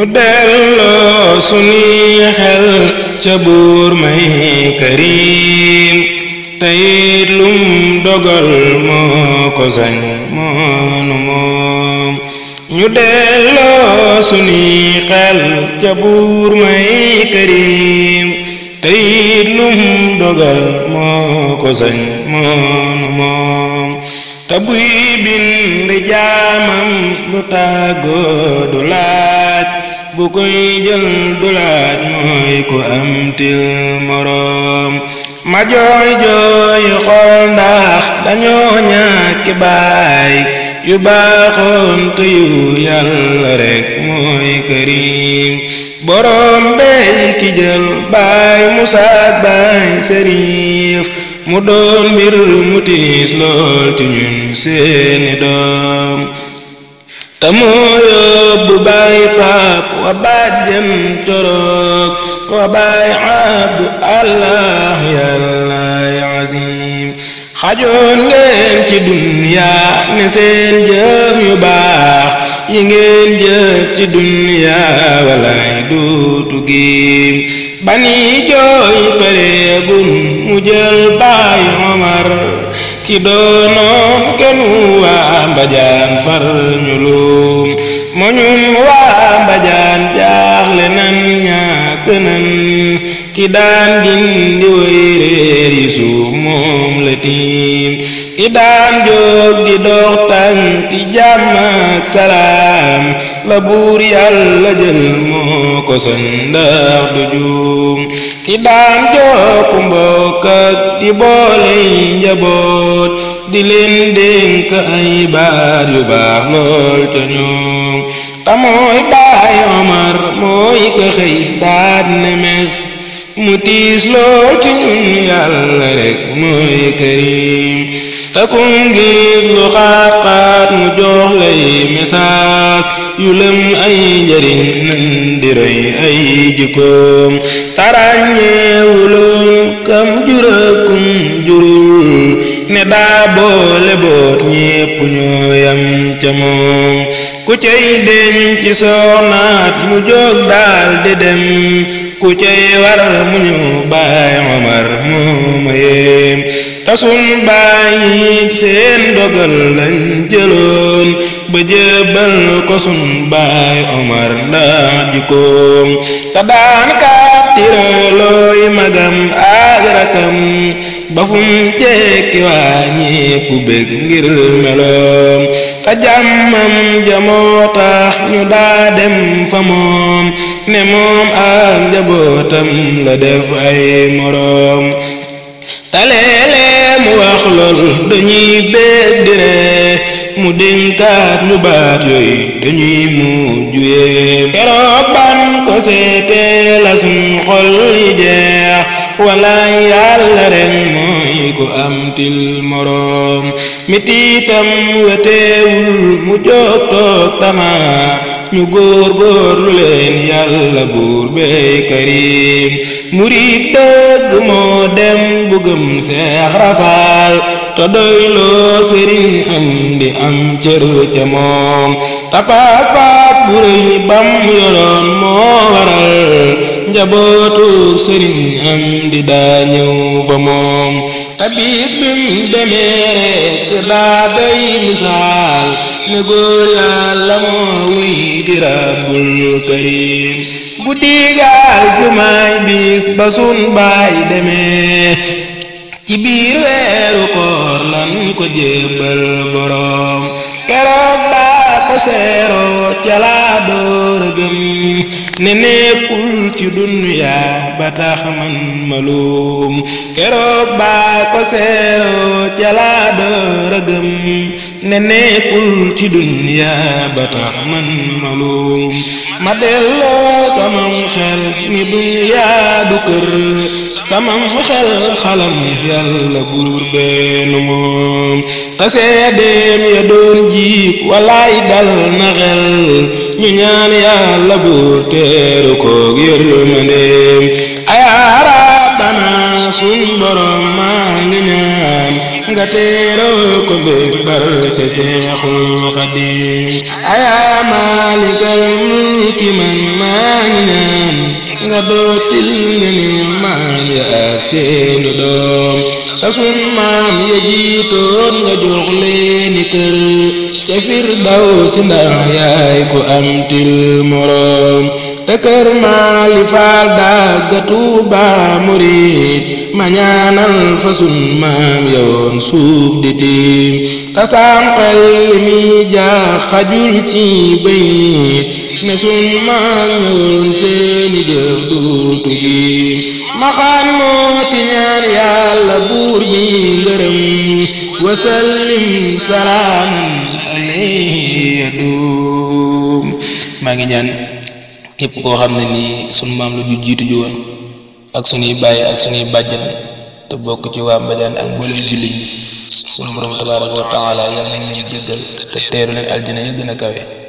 nu delloo sunuy xel ca buur may karim teyit lum dogal moo ko sañ moonu moom ñu delloo sunuy xel ca buur may karim teyit lum dogal moo ko sañ moonu moom te buy bind jaamam lu tàggoo du laaj bu jël dulaaj mooy ku am til moroom ma jooy jooyu xool ndax dañoo ñàkki baay yu baaxoon te yu rek mooy karim boroom bey ki jël baay musaak baay sëriif mu doon mbir mu lool ci seeni doom te moo yóbbu baay paap wa baay jëm corook wa allah yàllaay azim xajoon ngeen ci duniyaa ne seen jëf yu yi ngeen jëf ci duniyaa walaay duutu giim ba nii jooy pareegun mu ci doonoon gënu waa mbajaan far ñu luum mu ñun waa mbajaan jaaxle nan ñàkk nan ki daan gindi way suuf moom la tiim ki daan jóg di dox tànk salaam la buur yàlla jël moo ko san du juum ki daan jokku mbokk ak di boole njaboot di leen dénk ay baat yu baax lool ca ñoom te mooy baay Omar mooy ko xëy daat ne mes mu tiis lool ci ñun yàlla rek mooy karim te kum gis lu xaat xaat mu jox lay yu lëm ay njariñ nan di roy ay jikkoom taraañeewuloon kam juróom kum juru ne daa boole boot ñépp ñoo yam ca moom ku cay deñ ci soonaat mu jóg daal di dem ku cay war mu ñu baay Omar moo ma yéem tasun baay seen dogal lañ jëloon ba jébbal ko sun baay Omar ndax jikkoom te daan kaat tiraalooy magam ak rakam ba fu mu jekki waa ñépp bég ngir meloom te jàmmam ja moo tax ñu daa dem fa moom ne moom ak njabootam la def ay moroom te mu wax lool dañuy bég ree mu dénkaat ñu baat yooyu dañuy mujj yéem keroog ban ko seetee la suñ xol yi jeex walaay yàlla ren mooy ku am til moroom mitiitam weteewul mu jóg toog tama ñu góor góorlu leen yàlla buur bey karim murid dëgg moo dem bu seex rafaal te doyloo sëriñ am di am cër ca moom tapaat paat bu bam yoroon njabootu sëriñ am di daa ñëw ba moom tabib bi demee rek daa day misaal ne góor yàlla moo wuy di rabbul karim bu digaal jumaay bis ba baay demee ci biir weeru koor lan ko jébbal boroom keroog daa ko seeroo ca laa door a gëm ne nekkul ci dunyaa ba tax man malum keroog baa ko seeroo ca laa door a gëm ne nekkul ci dunyaa ba tax man malum ma delloo samam xel ni dunyaa du kër samam xel xalam yàlla buur benn moom te seedeem ya doon jiib walaay dal na xel ñu ñaan yàlla buur teeru koog yërmandeem ayaa rabbana sun borom maa ngi ñaan nga teeroo ko mbég bar ca seexul xadim ayaa maalikal mulki man maa ngi ñaan nga dootil nga ni maam ya ak seeni doom sa sun maam ya jiitoon nga jox leeni kër te firdaw si ndax yaay ku am til moroom te kër maali faal dagga tuuba murid ma ñaanal fa sun maam yoon suuf di tiim tasaam xel mi jaax xajul ci bayit ne sun maam yoon seeni jëf dul tujiim ma xaan mooti ñaan yàlla buur bi ngërëm wasallim salaaman alayhi ya duum maa ngi ñaan képp koo xam ne nii sunu maam la ju jiitu ji woon ak sunuy bàyyi ak sunuy bàjjan te bokk ci waa Mbadiane ak mboolem jullit sunu borom tabaaraka wa taala yal nañ leen jéggal te teeru leen aljana ya gën a kawe